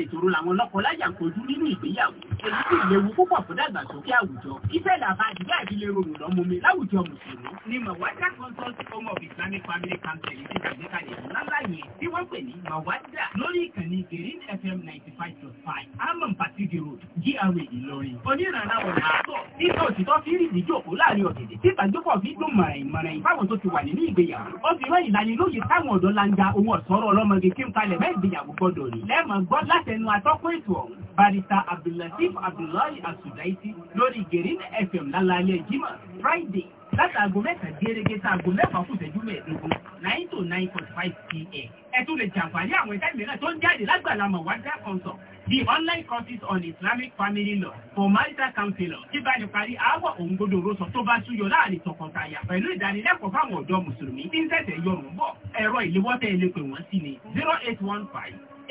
àpẹẹrẹ ìṣòro làwọn lọ́kọláya ń kojú nínú ìgbéyàwó èyí sì léwu púpọ̀ fún dàgbàsókè àwùjọ ìṣẹ̀lẹ̀ àbájáde àdílé rorùn lọ́mọmi láwùjọ mùsùlùmí ni mawada consult home of islamic family council ti ṣàgbékalẹ̀ ńláńlá yẹn tí wọ́n pè ní mawada lórí ìkànnì gerin fm ninety five point five amon patigi road gra ìlọrin onírànà ọ̀nà àtọ̀ nípa òtítọ́ fi rí ìdíjọ́ òkú láàrin ọ̀gẹ̀dẹ̀ tí ìbàjọ́pọ̀ fi dùn mọ̀ràn ìmọ̀ràn ìfáwọn tó ti wà nínú ìgbéyàwó ó fi rán ìlanilóye táwọn ọ̀dọ́ langa ohun ọ̀sọ́rọ̀ ọlọ́mọge kí n palẹ̀ mẹ́ ìgbéyàwó gbọ́dọ̀ rí lẹ́ẹ̀mọ̀ gbọ́ láti àtẹnu àtọ́kùn ètò ọ̀hún barista abdullatif abdullahi asudaiti lórí gerin fm lálàálẹ̀ jimá friday látàgò mẹ́ta gẹ́gẹ́ sáàgò mẹ́fà kù tẹ́jú mẹ́ẹ̀ẹ́dógún nine to nine point five pm ẹ tún lè jàǹfààní àwọn ẹ̀ka ìmìíràn tó ń jáde lágbàlá mọ̀wádà consult the online courses on islamic family law for marital counselor tí bá ní parí aáwọ̀ òǹgbodò rọ́sọ tó bá súyọ láàrin tọkọtaya pẹ̀lú ìdánilẹ́kọ̀ọ́ fáwọn ọ̀dọ́ mùsùlùmí tí ń tẹ̀sẹ̀ yọrùn bọ̀ ẹ̀rọ ìléwọ́tẹ̀ ilé pè wọ́n sí ni zero eight one five 830-1855 0815-830-1855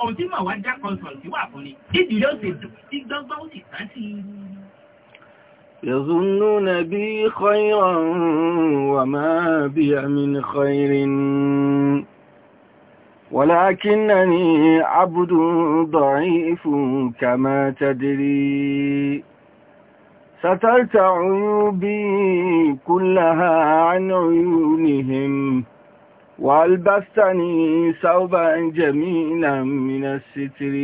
ọ̀hún tí màá wá dá consulti wà fún ni ìdílé ó ti dùn tí ó sì kàn sí i. يظنون بي خيرا وما بي من خير ولكنني عبد ضعيف كما تدري سترت عيوبي كلها عن عيونهم وألبستني ثوبا جميلا من الستر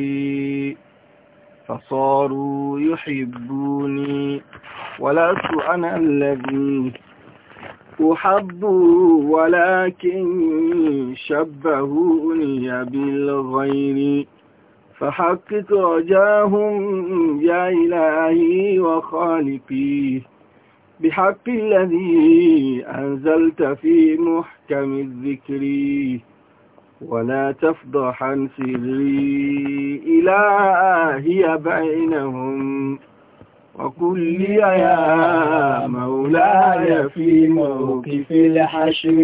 فصاروا يحبوني ولست أنا الذي أحب ولكن شبهوني بالغير فحقق رجاهم يا إلهي وخالقي بحق الذي أنزلت في محكم الذكر ولا تفضح عن سري إلهي بينهم وقل لي يا مولاي في موقف الحشر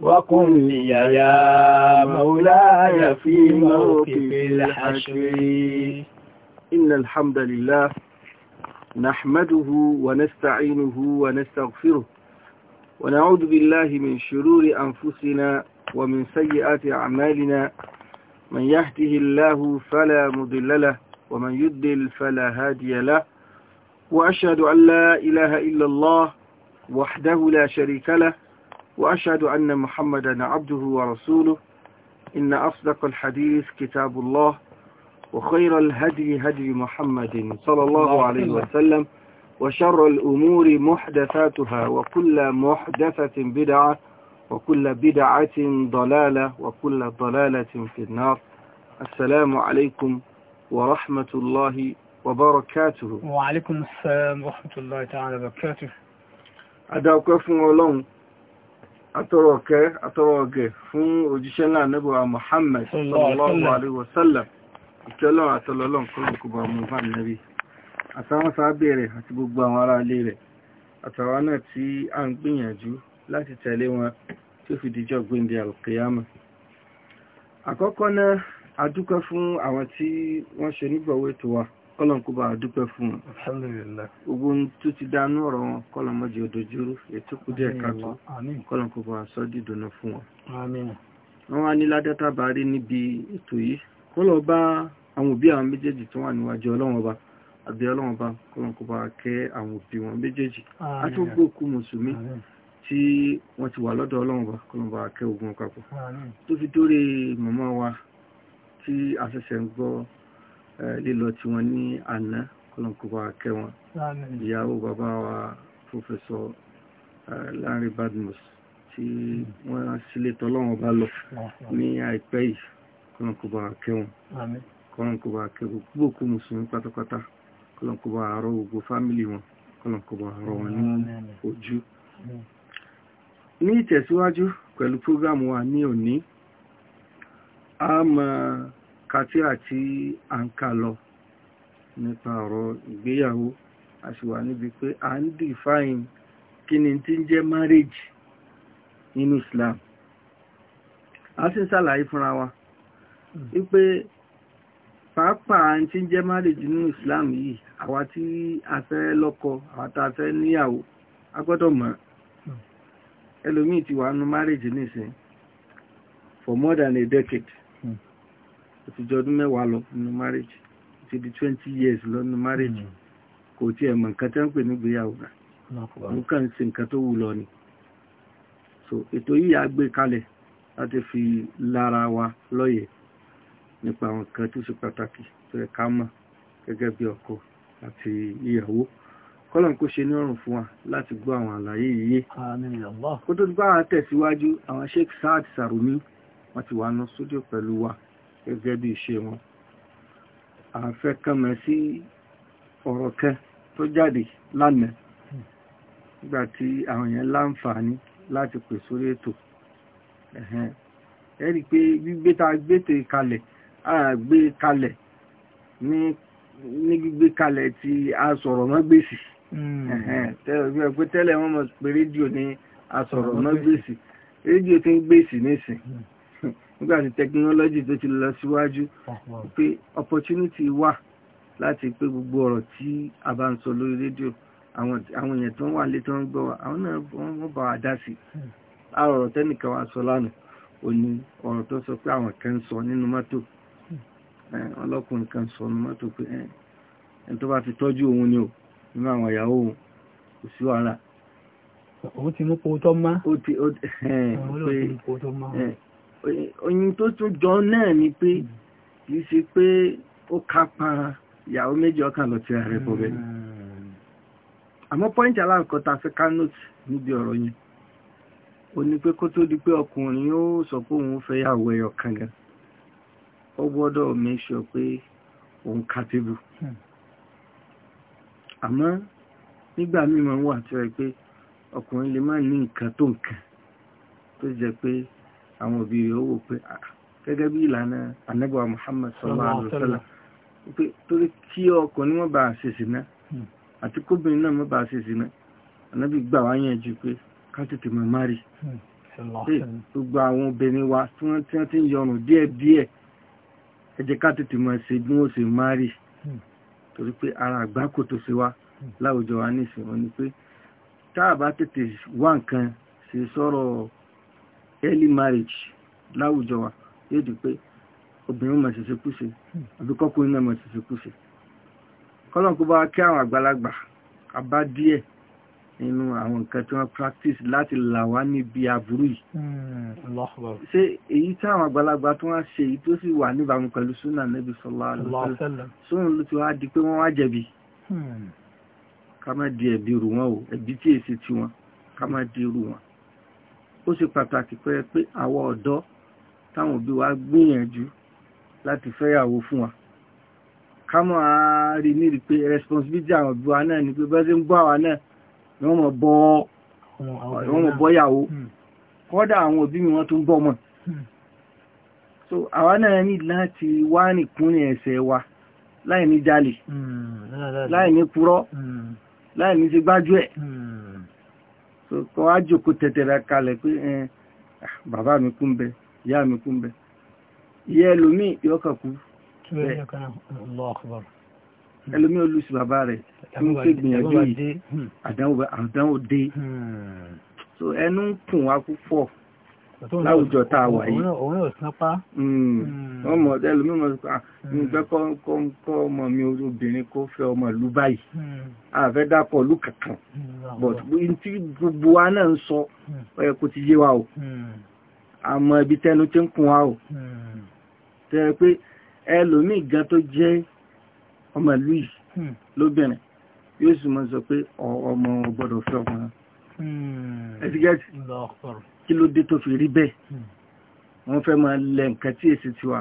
وقل لي يا مولاي في موقف الحشر إن الحمد لله نحمده ونستعينه ونستغفره ونعوذ بالله من شرور أنفسنا ومن سيئات أعمالنا من يهده الله فلا مضل له ومن يدل فلا هادي له وأشهد أن لا إله إلا الله وحده لا شريك له وأشهد أن محمدا عبده ورسوله إن أصدق الحديث كتاب الله وخير الهدي هدي محمد صلى الله عليه وسلم وشر الأمور محدثاتها وكل محدثة بدعة وكل بدعة ضلالة وكل ضلالة في النار السلام عليكم ورحمة الله وبركاته وعليكم السلام ورحمة الله تعالى وبركاته أدعوكم الله atọ́rọ̀ ọ̀kẹ́ atọ́rọ̀ ọ̀gẹ̀ fún òjíṣẹ́ ńlá Muhammad sallallahu alaihi wasallam ìkẹ́lọ́ àtọ́lọ́lọ́n kọlọ̀kọ̀bà mú bá nẹ́bí àtàwọn sábẹ́ rẹ̀ àti gbogbo àwọn ará ilé rẹ̀ àtàwọn náà tí a ń gbìyànjú láti tẹ̀lé wọn tó fi dijọ́ gbéǹdé alkiyama àkọ́kọ́ náà adúpẹ́ fún àwọn tí kọ́lọ̀n kó bá dúpẹ́ fún wọn. alhamdulillah. gbogbo tó ti dánú ọ̀rọ̀ wọn kọ́lọ̀n mọ́jì òdòjúrú ètò kú díẹ̀ kàtó kọ́lọ̀n kó bá sọ́ dìdùnà fún wọn. wọ́n wá ní ládátà bá rí níbi ètò yìí kọ́lọ̀ bá àwọn òbí àwọn méjèèjì tó wà níwájú ọlọ́run ọba àbí ọlọ́run ọba kọ́lọ̀n kó bá kẹ́ àwọn òbí wọn méjèèjì àtúgbò kú mùsùlùmí tí wọ́n ti wà lọ́dọ̀ ọlọ́run bá kẹ́ ogun papọ̀ tó fi dórí màmá wa tí Eh, lílọ tí wọ́n ní àná kọlọ̀kọ̀bà kẹwọn ìyàwó bàbá wa Professor eh, Larry Badmus tí wọ́n sílé tọ́lọ́wọ́n bá lọ ní àìpẹ́ yìí kọlọ̀kọ̀bà kẹwọn kọlọ̀kọ̀bà kẹwọn gbogbo mùsùlùmí pátápátá kọlọ̀kọ̀bà àárọ̀ gbogbo fámìlì wọn kọlọ̀kọ̀bà àárọ̀ wọn ní ojú ní ìtẹ̀síwájú pẹ̀lú prógámù wa ní òní a máa katíra tí a ń kà lọ nípa ọ̀rọ̀ ìgbéyàwó a sì wà níbi pé a ń define kí ni tí ń jẹ́ marriage nínú Islam a sì ń ṣàlàyé fúnra wa wípé pàápàá tí ń jẹ́ marriage nínú Islam yìí àwa tí a fẹ́ lọ́kọ àwa tá a fẹ́ níyàwó a gbọ́dọ̀ mọ̀ hmm. ẹlòmíì ti wà nínú marriage nísìn for more than a decade ó ti jọ ọdún mẹ́wàá lọ nínú marriage ó ti di twenty years lọ nínú marriage mm. kò tí ẹ̀ mọ̀ nǹkan tẹ́ ń pè nígbéyàwó rà mo kàn ṣe nǹkan tó wù lọ ni so ètò yìí a gbé kalẹ̀ láti fi lára wa lóye nípa àwọn nǹkan tó ṣe pàtàkì tó yẹ ká mọ̀ gẹ́gẹ́ bí ọkọ àti ìyàwó kọ́lọ̀n kó ṣe ní ọrùn fún wa láti gbọ́ àwọn àlàyé yìí kó tó bá tẹ̀síwájú àwọn sheikh saad sarumi wọ́n ti wà ní sódíò pẹ̀lú wa gẹ́gẹ́ bí ṣe wọn àfẹ́ kánmẹ́ sí ọ̀rọ̀ kẹ́ tó jáde lánàá nígbà tí àwọn èèyàn láǹfààní láti pè sórí ètò ẹ rí i pé gbígbé tá a gbé tè kalẹ̀ a gbé kalẹ̀ ní ní gbígbé kalẹ̀ tí a sọ̀rọ̀ mọ́ gbèsè hmm. pé tẹ́lẹ̀ wọ́n mọ̀ pé rédíò ní a sọ̀rọ̀ mọ́ rédíò ti ń gbèsè nísìn hmm nígbà tí technology tó ti lọ síwájú pé opportunity wà láti pé gbogbo ọ̀rọ̀ tí a bá ń sọ lórí rédíò àwọn èèyàn tó ń wà lé tó ń gbọ́ àwọn náà wọ́n bá wà dá sí àrọ̀rọ̀ hmm. tẹ́nìkan wá sọ lánàá ò ní ọ̀rọ̀ tó sọ pé àwọn kan sọ nínú mọ́tò hmm. ọlọ́kùnrin kan sọ nínú mọ́tò pé ẹni tó bá fi tọ́jú òun ni o nínú àwọn ìyàwó òun kò sí wàhálà. òun ti mú kó tó má. ó ti ó pé oyin tó tún jọ náà ni pé hmm. kì í ṣe pé ó kápá ìyàwó méjì ọkàn lọ ti ààrẹ bọ̀ bẹ́ẹ̀ hmm. àmọ́ pọ́ìntì aláàkọ́ta fẹ́ kánótì níbi ọ̀rọ̀ yẹn ó ní pé kó tó di pé ọkùnrin ó sọ pé òun fẹ́ yàwó ẹyọ kan gan ó gbọ́dọ̀ make pé òun capable hmm. àmọ́ nígbà míì wà tí ó yẹ pé ọkùnrin lè má ní nǹkan tó nǹkan tó jẹ́ pé àwọn òbí rẹ̀ ó wò pé gẹ́gẹ́ bí ìlànà anẹ́gbà Muhammad sallallahu alaihi wasallam pé torí kí ọkùnrin mọ́ bá ṣèṣì náà hmm. àti kóbìnrin náà mọ́ bá ṣèṣì náà anábì gbà wá yànjú pé ká tètè mọ̀ márì hmm. gbogbo àwọn obìnrin wa tí wọ́n ti ń yọrùn díẹ̀díẹ̀ ẹ jẹ́ ká tètè mọ̀ ṣe bí wọ́n ṣe early marriage láwùjọ wa yóò di pé obìnrin mọ̀ ṣẹ̀ṣẹ̀ kúṣe àbí kọ́kùnrin náà mọ̀ ṣẹ̀ṣẹ̀ kúṣe kọ́lọ̀ kó bá kí àwọn àgbàlagbà a díẹ̀ nínú àwọn nǹkan tí wọ́n practice láti là wá níbi aburú yìí hmm, ṣé èyí tí àwọn àgbàlagbà tó wọ́n ṣe èyí tó sì wà níbàámu pẹ̀lú súnà nẹ́bí sọlá sóhun ló ti wá di pé wọ́n wá jẹ̀bi hmm. ká má di ẹ̀bi rù wọ́n o ẹ̀bi tí èsì tiwọn ká má di rù wọ́n ó ṣe pàtàkì pé pé àwọn ọ̀dọ́ táwọn òbí wa gbìyànjú láti fẹ́yàwó fún wa ká mọ̀ á ní rí pé responsibility àwọn òbí wa náà ni pé bẹ́ẹ̀ sí ń bọ́ àwa náà ni wọ́n mọ̀ bọ́ wọ́n mọ̀ bọ́yàwó hmm. kọ́dà àwọn òbí mi wọ́n tún bọ́ mọ̀ hmm. so àwa náà ní láti wá nìkúnrin ẹ̀sẹ̀ wa láì ní jalè hmm. láì ní purọ́ láì ní ṣe gbájú ẹ̀ tó wá jòkó tẹ̀tẹ̀rẹ̀ kalẹ̀ pé ẹ ah, bàbá mi kú ń bẹ ìyá mi kú ń bẹ ìyá ẹlòmíì yóò kàn kú ẹlòmí olùsí bàbá rẹ̀ tí ó pé gbìyànjú yìí àdánwò dé hmm. so ẹnu ń kùn wá púpọ̀ láwùjọ tá a wà yìí òun yóò pa, ọmọ ẹlòmí mọ̀ nígbẹ́ ah, hmm. kọ́ ọmọ mi obìnrin kó fẹ́ ọmọ ìlú báyìí àfẹ́ hmm. dápọ̀ ìlú kankan hmm. but tí gbogbo wa náà ń sọ ó yẹ kó ti yé wa o àmọ́ ibi tẹnu ti ń kún wa o tẹ́ pé ẹlòmí gan tó jẹ́ ọmọ ìlú yìí lóbìnrin yóò sì mọ̀ sọ pé ọmọ gbọ́dọ̀ fẹ́ ọmọ ẹ̀sìgẹ́sì kí ló dé tó fi rí bẹ́ẹ̀ hmm. wọ́n fẹ́ máa lẹ nǹkan tí èsì tiwa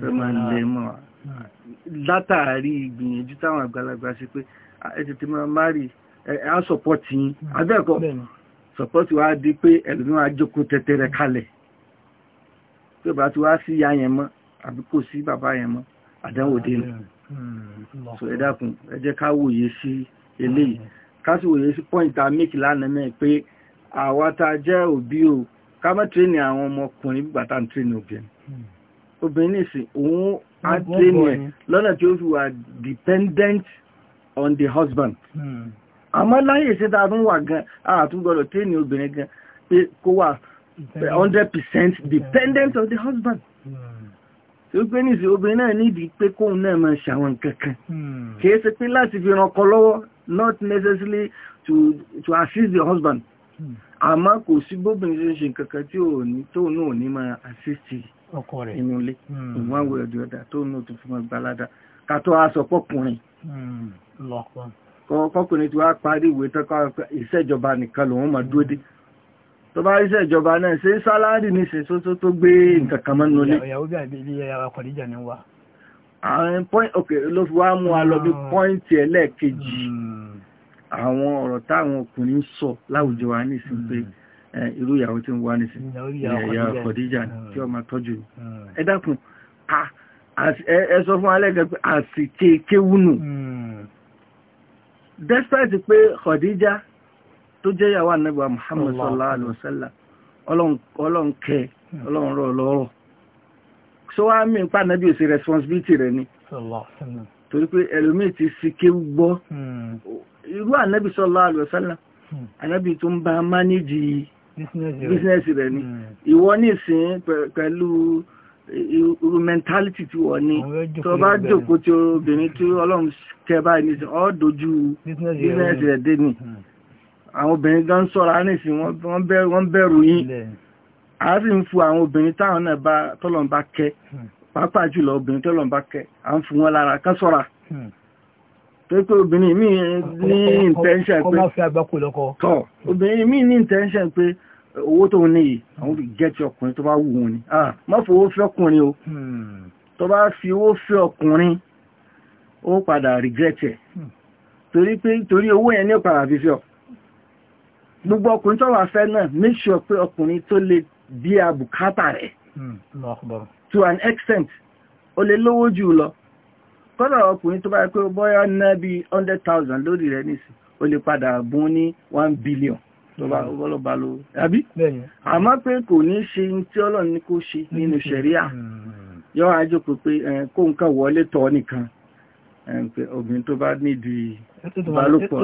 fẹ́ máa lẹ mọ́ wa hmm. látàrí ìgbìyànjú táwọn àgbàlagbà ṣe pé ẹ tètè máa má rí á sọpọ́tì yín hmm. abẹ́ẹ̀kọ́ sọpọ́tì wa di pé ẹlòmíràn ajókòó tẹ́tẹ́ rẹ kalẹ̀ pé bàbá tí wá sí ìyá yẹn mọ́ àbí kò sí bàbá yẹn mọ́ àdánwò dénú so ẹ dákun ẹ jẹ́ ká wòye sí eléyìí ká sì wòye sí pọ́ìntà mẹ́kìlá nàmẹ́ pé àwa tá a jẹ́ òbí o ká má tírínì àwọn ọmọkùnrin gbígbà tá à ń tírínì obìnrin obìnrin nìsín òun á tírínì lọ́nà tí ó fi wà dependent on the husband hmm. àmọ́ láyé ìṣe tá a tún wà gan àtúgbọ́dọ̀ tírínì obìnrin gan pé kó wà 100% dependent on the husband hmm. tí ó gbé nìsí obìnrin náà nídìí pé kóun náà máa ṣàwọn kankan kìí hmm. ṣe pé láti fi ràn lọ́wọ́ not necessarily to, to assist the husband àmọ́ kò sí bóbìnrin tó ṣe kankan tí ò ní tó náà ní máa àṣìṣì ọkọ rẹ̀ inú ilé ìwọ̀n àwọn ẹ̀dùn ọ̀dà tó náà tó fún ọgbà ládà kàtọ́ aṣọ pọ́kùnrin hmm. kọkùnrin tí wá parí ìwé tọ́kọ́ ìṣèjọba nìkan lòun máa dúró dé tó bá rí ìṣèjọba náà ṣe sálárì ní ṣe tó tó gbé nǹkan kan mọ́nu ilé. ìyàwó bí àbí ilé ara kọ̀díjà ni wà. àwọn point ok ló fi wá mú wa lọ bí hmm. pọ́ìntì ẹlẹ́ẹ̀kejì hmm àwọn ọ̀rọ̀ táwọn ọkùnrin sọ láwùjọ wa nísìn pé hmm. irú ìyàwó tí ń wá nísìn ìyàwó Khadija hmm. tí ó máa tọ́jú hmm. ẹ dákun ẹ sọ fún alẹ́gẹ̀ pé àsìkè kéwúnù despite pé Khadija tó jẹ́ ìyàwó anábà Muhammad sallallahu alaihi wasallam ọlọ́run kẹ ọlọ́run rọ̀ lọ́rọ̀ so wá mí pa nábì òsì responsibility rẹ̀ ni torí pé ẹlòmíì ti sì kéwú gbọ́ irú ànábì sallallahu alaihi wasallam hmm. ànábì tó ń bá mánéjì bísínẹ́sì rẹ̀ ni hmm. ìwọ nísìn pẹ̀lú irú mẹ́ntálítì tí wọ́n ní tó bá jòkó tí obìnrin tí ọlọ́run kẹba ìníṣẹ́ ọ́ dojú bísínẹ́sì rẹ̀ dé ni hmm. àwọn obìnrin gan sọ́ra nísìn wọ́n bẹ̀rù yín a sì ń fu àwọn obìnrin táwọn náà bá tọ́lọ̀ ń bá kẹ́ pàápàá jùlọ obìnrin tọ́lọ̀ ń bá kẹ́ à ń fu wọn lára kán sọ́ra pé obìnrin mi ní intention pé kọ́má fi agbákò obìnrin mi ní intention pé owó tó ní yìí àwọn fi jẹ́ ọkùnrin tó bá wù wọn ni ah má fi owó fẹ́ ọkùnrin o hmm. tó bá fi owó fẹ́ ọkùnrin ó padà regret ẹ̀ hmm. torí pé torí owó yẹn ní ọ̀padà fífi ọ̀ gbogbo ọkùnrin tó wà fẹ́ náà make sure pé ọkùnrin tó lè bí abùkátà rẹ̀ hmm. to an extent ó lè lówó jù lọ kọ́dà ọkùnrin tó bá yẹ pé bọ́yá ná bí 100,000 lórí rẹ̀ nìsí o lè padà bún ní 1 billion tó bá ọlọ́ba hmm. ló àbí àmọ́ pé kò ní ṣe tí ọlọ́run ní kó ṣe nínú ṣẹ̀ríà hmm. yọ àjòkò pé kó nǹkan wọlé tọ́ nìkan obìnrin tó bá nídìí ìbálòpọ̀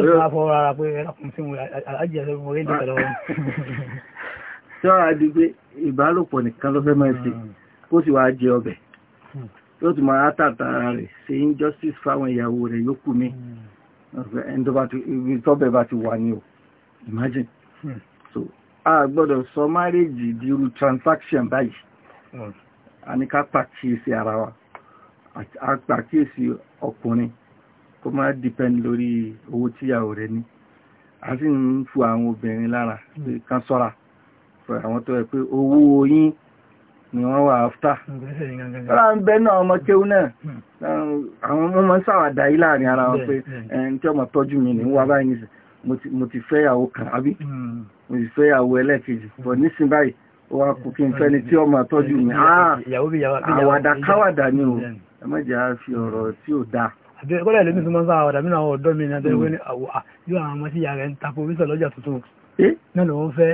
yọ àdìgbé ìbálòpọ̀ nìkan ló fẹ́ máa ṣe hmm. kó sì wá yóò tún máa tàtàrà rẹ̀ ṣe injustice fáwọn ìyàwó rẹ̀ yókù mi hmm. tọ́bẹ̀ bá ti wà ní o imagine hmm. so a gbọ́dọ̀ sọ marriage di irú transaction báyìí hmm. a ní ká pàkíyèsí ara wa a pàkíyèsí ọkùnrin kó máa depend lórí owó tíyàwó rẹ̀ ní a sì ń fu àwọn obìnrin lára kan sọ́ra fún àwọn tó yẹ pé owó yín ni wọ́n wà áfítà. Tọ́lá ń bẹ náà ọmọ kéwú náà, hmm. àwọn ọmọ mọ́ sáwàdà yí ni ara wọn pé ẹni tí ọmọ tọ́jú mi ní wà báyìí nìsẹ̀, mo ti fẹ́ ìyàwó kan àbí, hmm. mo ti fẹ́ ìyàwó ẹlẹ́kejì, bọ̀ nísìn báyìí, ó wá kò kí n fẹ́ ni tí ọmọ tọ́jú mi, hmm. ah! àwàdà káwàdà ni o, ẹ má jẹ́ fi ọ̀rọ̀ tí ò dáa. Àbẹ́kọ́lẹ̀ lómi tó máa ń sáwàdà mí náà ọ̀dọ́ mi ní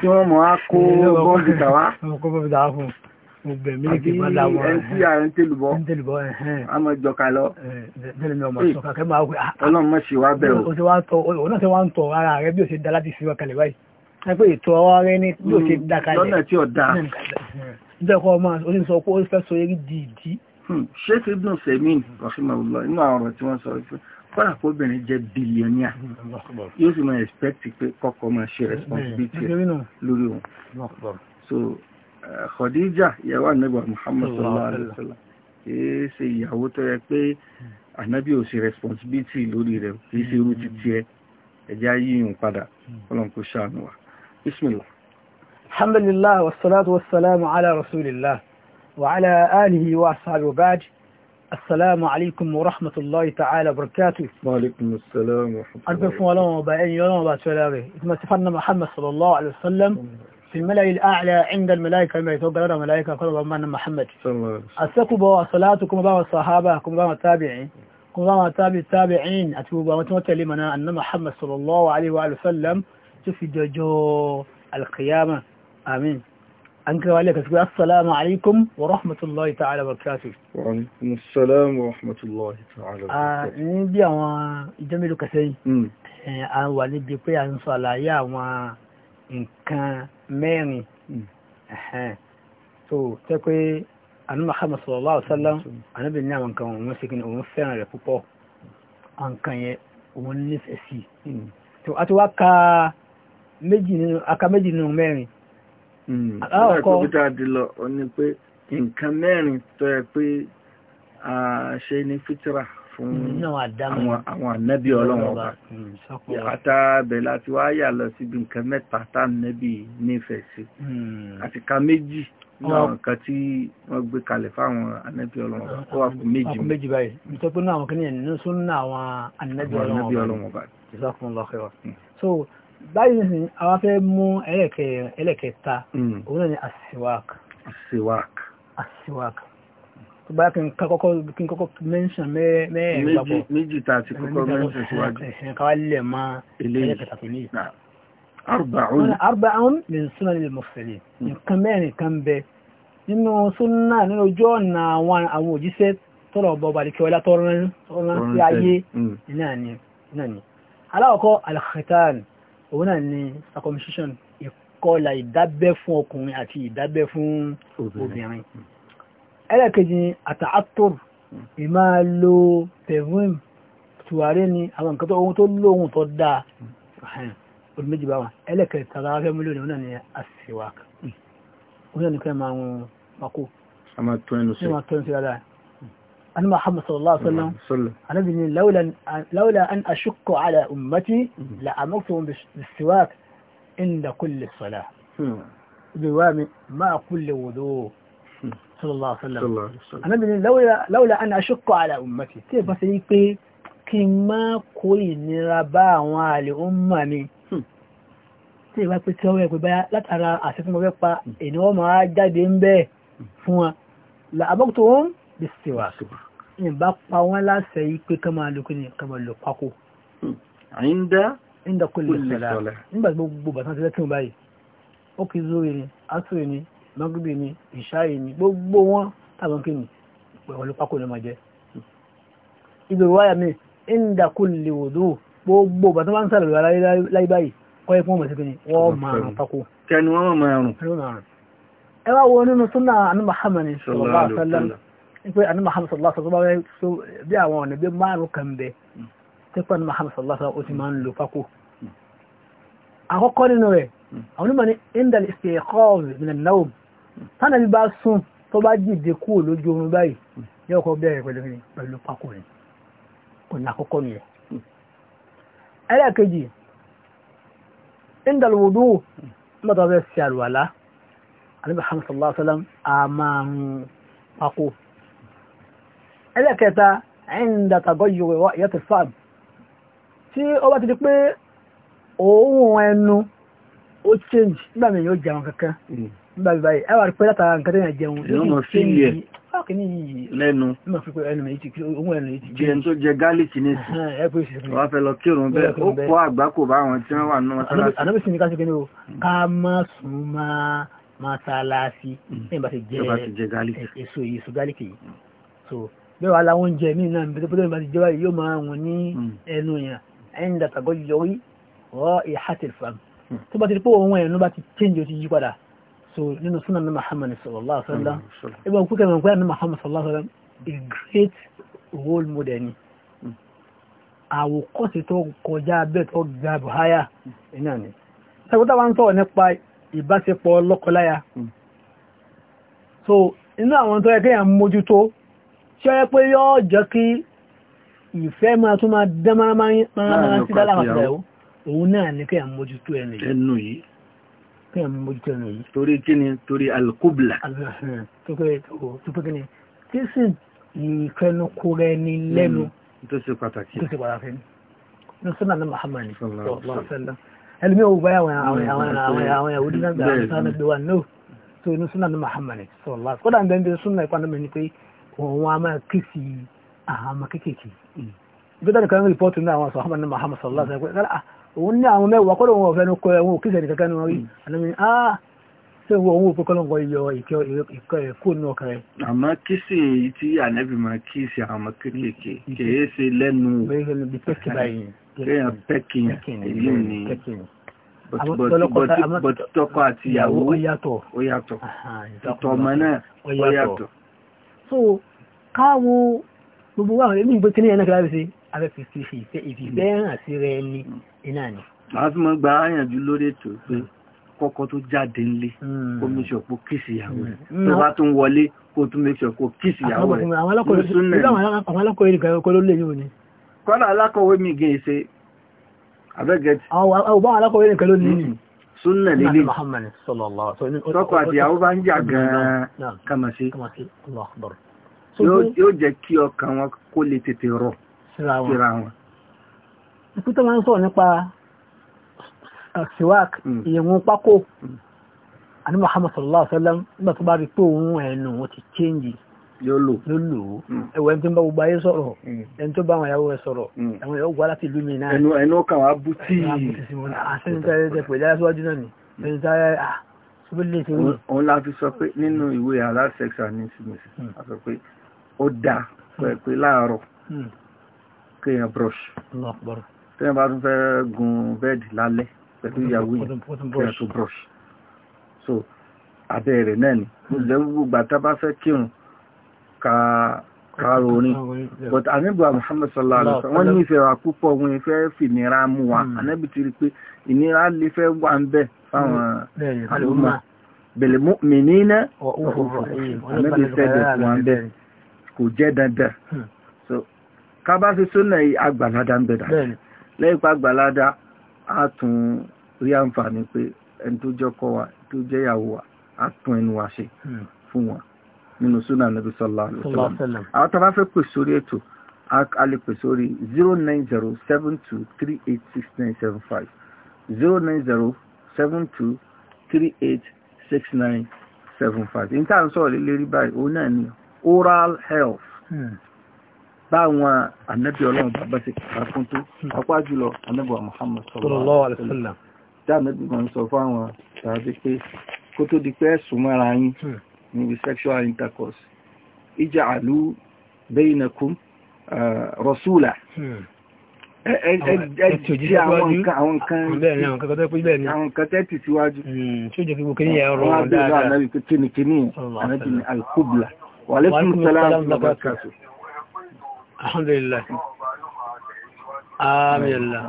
tí wọ́n mọ̀ á kó bọ́ọ̀dù tàwá. wọ́n kó bọ́ọ̀dù tàwá fún mo bẹ̀ mí kì í má da wọn. ẹni tí ààrẹ ń tèlùbọ́ ń tèlùbọ́ a mọ̀ jọka lọ. bẹ́ẹ̀ ni ọmọ sọ̀kà kẹ́ máa wí. Ah, ah. ọlọ́run mọ̀ sí wa bẹ́ẹ̀ o. o ti wá ń tọ o náà ti wá ń tọ ara rẹ bí o ṣe da láti fi wa kalẹ̀ báyìí. ẹ pé ètò ọwọ́ rẹ ni bí o ṣe da kalẹ̀. Hmm, lọ́nà tí ò da. nígbà kan ọmọ oníṣọ́ pé ó fẹ́ sọ eré dìídì. ṣé ti dùn sẹ́mìn rọ̀ṣìmọ̀ kọ́lá kóbìnrin jẹ́ bílíọ̀nìà yóò sì máa expect pé kọ́kọ́ máa ṣe responsibility lórí òun so eh, Khadija ìyàwó ànábì Muhammad sallallahu alaihi wasallam kìí ṣe ìyàwó tó yẹ pé ànábì ò ṣe responsibility lórí rẹ̀ kìí ṣe irú títí ẹ ẹ̀já yíyùn padà kọ́lọ́n kò ṣàánú wa bismillah. alhamdulillah wasalaatu wasalaamu ala rasulillah wa ala alihi wa ashabihi wa baadi. السلام عليكم ورحمة الله تعالى وبركاته وعليكم السلام ورحمة الله أنتم الله وبائن يوم وباتولاري كما سفرنا محمد صلى الله عليه وسلم في الملأ الأعلى عند الملائكة ما يتوقع لنا ملائكة كما بمعنى محمد صلى الله عليه وسلم صلاتكم بما الصحابة كم بما التابعين كم بما التابع التابعين أتوبوا وتمتع لمنا أن محمد صلى الله عليه وآله وسلم تفي القيامة آمين an kai wale ka suke assalamu alaikum wa rahmatullahi ta'ala barakatuh wa alaikum assalam wa rahmatullahi ta'ala barakatuh ní bí àwọn ìjọ mélòó kan sẹ́yìn hmm. a wà níbi pé a ń sọ àlàyé àwọn nǹkan mẹ́rin hmm. so tẹ́ pé anu Muhammad sallallahu alaihi wasallam anábì hmm. ní àwọn nǹkan òun sí nífẹ̀ẹ́ sí so a ti wá ka méjì nínú mẹ́rin Hmm. alákọ̀ọ́kọ́ ni pé nǹkan mẹ́rin tó yẹ pé a ṣe ní fítírà fún hmm, àwọn ànábì ọlọ́run ọba hmm, àtàbẹ̀ láti wá yà lọ síbi nǹkan mẹ́ta tánàbì nífẹ̀ẹ́ sí àti ka méjì náà nǹkan tí wọ́n gbé kalẹ̀ fáwọn ànábì ọlọ́run ọba ó wà fún méjì méjì báyìí nítorí pé náà àwọn kìnìyàn nínú sún náà àwọn ànábì ọlọ́run ọba báyìí nìsìn àwọn afẹ́ mú ẹlẹ́kẹta hmm. òun náà ni asiwak asiwak asiwak tó bá kí n kọ́kọ́ mẹ́ńṣàn mẹ́rin papọ̀ méjì tá a ti kọ́kọ́ mẹ́ńṣàn síwájú ẹ̀hìn káwá lẹ̀ mọ́ ẹlẹ́kẹta tó ní arba'un min sunan al-mursalin hmm. nǹkan mẹ́rin kan bẹ nínú súnà nínú ojú ọ̀nà àwọn àwọn òjíṣẹ́ tọrọ ọba ọba àdìkẹwẹlá tọrọ rán sí ayé hmm. náà ni aláwọ̀kọ́ al-khitan òun náà ni circumcision ìkọlà ìdábẹ́ fún ọkùnrin àti ìdábẹ́ fún obìnrin ẹlẹ́kejì àtàátòrò ìmá lo pẹ̀fúm tùwárí ni àwọn nǹkan tó ohun tó lóhun tó dáa olùméjì bá wà ẹlẹ́kẹta ara fẹ́ múlò ní òun náà ni àṣìwà òun náà ni kẹ́ máa ń makó. أنا محمد صلى الله عليه وسلم أنا بني لولا لولا أن أشك على أمتي لأمرتهم بالسواك عند كل الصلاة دوام ما كل وضوء صلى الله عليه وسلم أنا بني لولا لولا أن أشك على أمتي كيف سيكي كما كل نربا والي أمامي tí ìwá pé tí ọwọ́ ẹ̀pẹ̀ báyá látara àṣẹ́fún ọwẹ́ pa ènìyàn máa jáde ń bẹ́ẹ̀ fún wa làbọ́kùtò wọn bí síwá àṣùgbà ìbá pa wọ́n láṣẹ yí pé kọ́ máa lókè ní kọ́ lọ pákó àyíndá ìdá kò lè sọ̀lá nígbà gbogbo bàtán ti lẹ́kìn báyìí ó kì í zóre ni átúrè ni magribi ni ìṣáyè ni gbogbo wọn táwọn kì ní pẹ̀lú pákó ló máa jẹ́ ìgbèrú wáyà mi ìdá kò lè wòdó gbogbo bàtán bá ń sàlọ̀ láyé báyìí kọ́ ẹ̀kún ọmọ síkì wọ́n máa rùn pákó kẹ́ni wọ́n máa rùn ẹ wá wo nínú súnà àná Muhammad sallallahu alaihi nípa àná Muhammad sallallahu alaihi wasallam tó bí àwọn ọ̀nà bí márùn kan bẹ tẹ́pọ̀ àná Muhammad sallallahu alaihi wasallam ó ti máa ń lò fákò àkọ́kọ́ nínú rẹ̀ àwọn onímọ̀ ní indal istiqaz min an-nawm tánà bí bá sùn tó bá dìde kúrò lójú oorun báyìí yóò kọ́ bẹ̀rẹ̀ pẹ̀lú pẹ̀lú fákò ni ọ̀nà àkọ́kọ́ nìyẹn ẹlẹ́ẹ̀kejì indal wudu mọ́tọ́ bẹ́ẹ̀ sí àlùwàlá alẹ́bàá sallallahu alaihi wasallam a máa ń fákò ẹlẹ́kẹta ẹ̀ǹda tàgọ́yò rẹ̀ yẹ́ ti fab tí ó bá ti di pé òórùn ẹnu ó change nígbà mi yóò jẹun kankan hmm. nígbà mi báyìí ẹwà pé látara nǹkan tẹ́yìn jẹun yóò mọ̀ sí ilẹ̀ lẹ́nu jẹun tó jẹ gálíkì ní ìsìn wọ́n fẹ́ lọ kírun bẹ́ẹ̀ ó kọ́ àgbákò bá àwọn tí wọ́n wà nínú mọ́sálásí. àdóbìsí ni ká ṣe hmm. máa mọ́sálásí nígbà hmm. tí jẹ èso yìí èso gálíkì yìí bẹ́ẹ̀ wà láwọn oúnjẹ mí náà bí pẹ́lú ìbájú jẹ́wà yóò máa wọ̀n ní hmm. ẹnu yàn ẹ̀yìn dàtàgọ́ yọrí ọ̀ ìhàtìl fam tó bá ti rí pé òun ẹ̀nu bá ti change ó ti yí padà so nínú sunan ní Muhammad sallallahu alaihi wasallam ibà kúkẹ́ mọ̀ pé ní Muhammad sallallahu alaihi wasallam a great role model ni hmm. àwòkọ́sí tó kọjá bẹ́ẹ̀ tó ga buhaya iná hmm. ni sẹ́kútà wa ń sọ̀rọ̀ nípa ìbáṣepọ̀ lọ́kọláya so inú àwọn tó yẹ kéèyàn mójútó tí ó yẹ pé yóò jẹ́ kí ìfẹ́ máa tún máa dán máa sí lálàmàtà ẹ̀wọ́ òun náà ní kí ẹ̀ mójútó ẹnu yìí kí ẹ̀ mójútó ẹnu yìí torí kí ni torí alkubla tó pé kí ni tí sì ìfẹ́nukú rẹ ní lẹ́nu hmm. tó ṣe pàtàkì ní sọ́nà hmm. hmm. ní Muhammad ẹlùmí ò báyà àwọn ìyàwó dínágbà àwọn ìsànà gbé náà tó ní sọ́nà ní Muhammad sọ́lá kódà ń bẹ́ẹ̀ sọ́nà ìpàdánù ní pé wọn a máa kí sí àhámà kéékèèké ìgbẹ́dá nìkan rìpọ́tù ní àwọn sọ̀hámà ní Muhammad sallallahu alaihi wa sallam ah, òun ní àwọn mẹ́wàá kọ́dọ̀ wọn ọ̀fẹ́ ní kọ́ ẹ̀wọ̀n òkè sẹ́ni kankan wọn rí hmm. àlẹ́mí ah ṣé wọn òun òfin kọ́lọ́ngọ́ yọ ìkẹ́ ẹ̀kọ́ ní ọkàn rẹ̀. àmọ́ kí sì èyí tí ànẹ́bí máa kí sí àhámà kéékèèké hmm. kèé ṣe lẹ́nu káwo gbogbo wa rẹ̀ nígbé kí ní ẹ̀nà kíláàbì sí afẹ́fẹ́ fi fi ìfẹ́ ìfẹ́ hàn mm. sí rẹ̀ ní mm. iná ni. màá fi mọ gba àyànjú lórí ètò pé mm. kọ́kọ́ tó jáde ńlé kó mú ṣọ̀pọ̀ kíìsì ìyàwó rẹ̀ tó bá tún wọlé kó tún mú ṣọ̀pọ̀ kíìsì ìyàwó rẹ̀ àwọn alákọ̀wé nìkan ẹ̀kọ́ ló lè yóò ni. kọ́lá alákọ̀wé mi gẹ̀ ṣe abẹ́gẹ́tì. àwọn alákọ̀wé nìkan súnnà lílé tọ́kọ̀ àti ìyàwó bá ń jà gan-an kàmàṣe yóò jẹ́ kí ọkàn wọn kó lè tètè rọ̀ síra wọn. ìpín tó máa ń sọ̀rọ̀ nípa siwak hmm. ìyẹ̀wò pákó hmm. àní Muhammad sallallahu alaihi wa sallam nígbà tó bá rí pé òun ẹnu wọn ti chéǹjì yóò lò ó hmm. ẹ̀wọ̀n tó ń bá gbogbo ayé sọ̀rọ̀ ẹni tó bá àwọn ìyàwó rẹ̀ sọ̀rọ̀ àwọn ìyàwó gbọ́ láti ìlú mi náà ẹnu ọkàn wa bú tí òun la sọ pé nínú ìwé aláṣẹ́ksà ní sinmi a sọ pé ó dáa pẹ̀pẹ̀ hmm. láàárọ̀ hmm. kéèyàn brush téèyàn bá tún fẹ́ gun bẹ́ẹ̀dì lálẹ́ pẹ̀lú ìyàwó yẹn kéèyàn tó brush so abẹ́ rẹ̀ náà ni lẹ́wọ́ hmm. gbàtà bá fẹ́ kírun ka kààrò orin but anábì wa Muhammad sallallahu alaihi wasallam wọ́n nífẹ̀ẹ́ wa púpọ̀ wọn fẹ́ fìnira mú wa anábì ti rí pé ìnira lè fẹ́ wà ń bẹ̀ fáwọn àlùmọ̀ bil mu'minina anábì fẹ́ bẹ̀ fún wa ń bẹ̀ kò jẹ́ dandan hmm. so ká bá ṣe súnà àgbàládá ń bẹ dáadáa lẹ́yìn pa àgbàládá á tún rí àǹfààní pé ẹni tó jọ́kọ́ wa tó jẹ́ ìyàwó wa á tún ẹnu wa ṣe hmm. fún wa nínú súnà nàbí sallallahu alaihi wasallam àwọn tó bá fẹ́ pè sórí ètò a lè pè sórí 09072386975 09072386975 níta ń sọ̀rọ̀ lé lérí báyìí òun náà ni oral health hmm. báwọn ànábì ọlọ́run bàbá sí kàkún tó ọpá hmm. jùlọ ànábì Muhammad sallallahu alaihi wasallam tí wọn sọ fáwọn tàbí pé kó tó di pé ẹ̀sùn yín hmm. sexual intercourse ìjà àlú bainakum uh, rasula ẹ̀jì àwọn nǹkan tẹ́tì síwájú Wàlékún sálàmù lọ́bàkàtù. Alhamdulillah. Amìlá.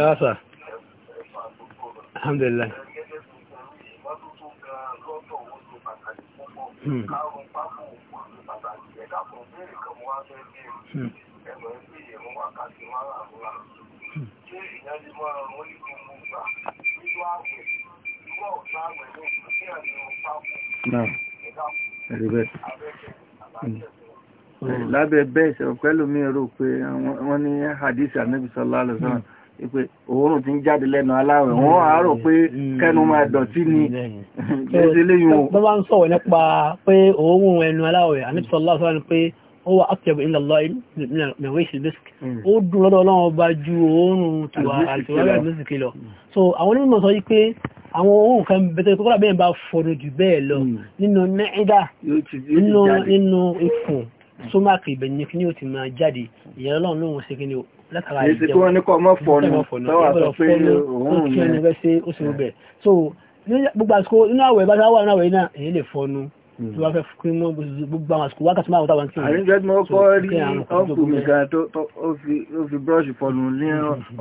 Ẹ́wàsà. Alhamdulillah. Hmm. Hmm. Hmm. Mm. Mm. lábẹ́ bẹ́ẹ̀ ṣe pẹ̀lú mi rò pé wọ́n ní hadith anabi sallallahu alaihi wasallam mm. pé òórùn tí ń jáde lẹ́nu aláwẹ̀ wọ́n á rò pé kẹ́nu máa dọ̀tí ni ṣe léyìn o. wọ́n bá ń sọ̀rọ̀ nípa pé òórùn ẹnu aláwẹ̀ anabi sallallahu alaihi wasallam pé ó wà ápẹ̀bù ilẹ̀ lọ́yìn mẹ̀wé ìṣẹ̀lẹ̀sìkì ó dùn lọ́dọ̀ ọlọ́run ọba ju òórùn tiwa àti wọ́n rẹ̀ lọ́sìkì lọ. so àwọn onímọ̀ sọ yí pé àwọn ohun kan bẹ̀tẹ̀ tó kọ́lá bẹ́ẹ̀ bá fọ́nù jù bẹ́ẹ̀ lọ hmm. nínú nẹ́ẹ̀dá nínú ikùn hmm. sómàkì ìbẹ̀ni kí ní ó ti máa jáde ìyẹn ọlọ́run lóhun sí kí ni ó látara ìjẹun èsì tí wọ́n ní kọ́ mọ́ fọ́nù tọ́wà sọ pé òun rẹ̀ so gbogbo àsìkò inú àwẹ̀ bá sáwà náà wẹ̀ náà èyí lè fọ́nù hmm. tí wọ́n fẹ́ kí wọ́n gbogbo àwọn àsìkò wákàtí máa wọ́tàwọn tí wọ́n àríjẹ́ tí wọ́n kọ́ rí ọkùnrin kan tó fi búrọ́ọ̀ṣì fọ́nù ní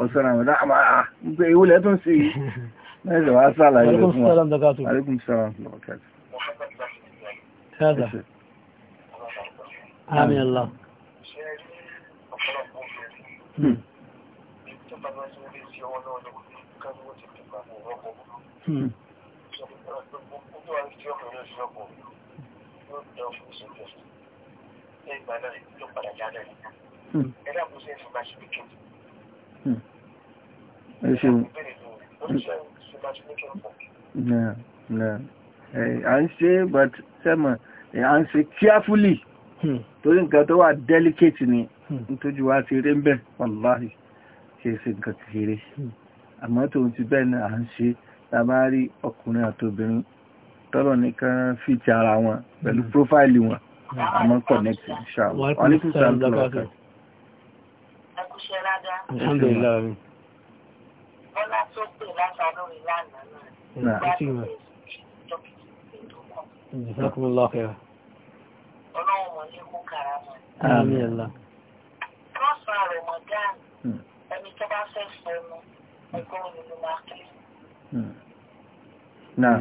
ọ̀sán àwọn ah, ah, ìwúlẹ̀ tó ń sí mẹ́rin wá sàlàyé rẹ̀ fún wa alaikum salam lọ́kàtí هذا آمين الله Ẹ ṣeun. No, no. À ń ṣe but sẹ́mọ̀ à ń ṣe carefully hmm. torí nǹkan tó wà delicate ni hmm. nítorí wá ti rí ń bẹ̀ wàláhì kí ṣe nǹkan kékeré hmm. àmọ́ tòun ti bẹ́ẹ̀ ni à ń ṣe tàbá rí ọkùnrin àtòbìnrin tọ́lọ̀ nìkan fìtì ara wọn pẹ̀lú prófáìlì wọn àmọ́ connect inshallah. wọ́n ní kí sàrùn lọ́kọ̀ọ́kọ̀. ẹ kú ṣe rádá tó pè látàrí ìlànà náà. Ọlọ́run mọ̀ ní kú kàrà mọ̀. Àmì ẹ̀lá. Kọ́sà rẹ̀ mọ̀ dáàmì, ẹni tó bá fẹ́ fẹ́ mọ́, ẹgbọ́n ni mo máa kí. Hmm. Náà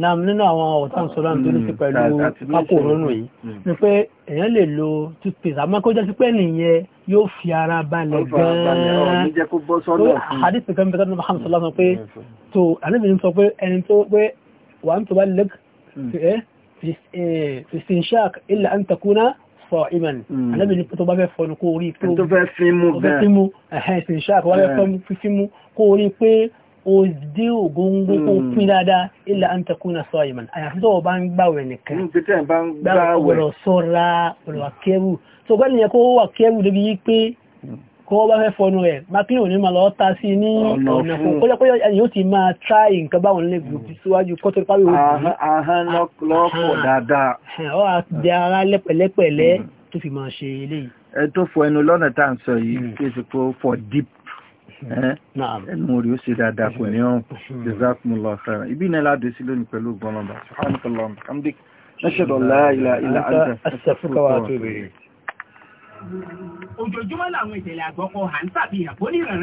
náà nínú àwọn ọ̀tán sọ́lá tó ní sí hmm, pẹ̀lú pápò òrónù yìí hmm. ni pé èèyàn lè lo toothpaste àmọ́ kó jẹ́ sí pé nìyẹn yóò fi ara balẹ̀ gan-an àdìsí kan bẹ́tẹ́ ní mahamud sọ́lá sọ pé hmm. tó àníbìnrin sọ pé ẹni tó pé wà ń tó bá lẹ́g fistinshak eh, eh, illa an takuna pé òdí ògóngó kó hmm. pín dáadáa ilẹ̀ àǹtakúnà sọ àyèmọ̀ àyàfi tó bá ń gbàwẹ̀ nìkan hmm, gbàwẹ̀ sọ́ra ọ̀rọ̀ akẹ́rù tó gbẹ́ni yẹ kó wà kẹ́rù débi yí pé kó bá fẹ́ fọnú ẹ̀ mákílì ò ní máa lọ ta sí ní ọ̀nà fún kó tó kó fọ Eh? ẹnu orí ó ṣe dáadáa kò ní ọ̀hún jazakumullahu khairan ibi náà ládé sí lónìí pẹ̀lú gbọ́nlọ́mbà subhanakallah hamdik nashhadu an la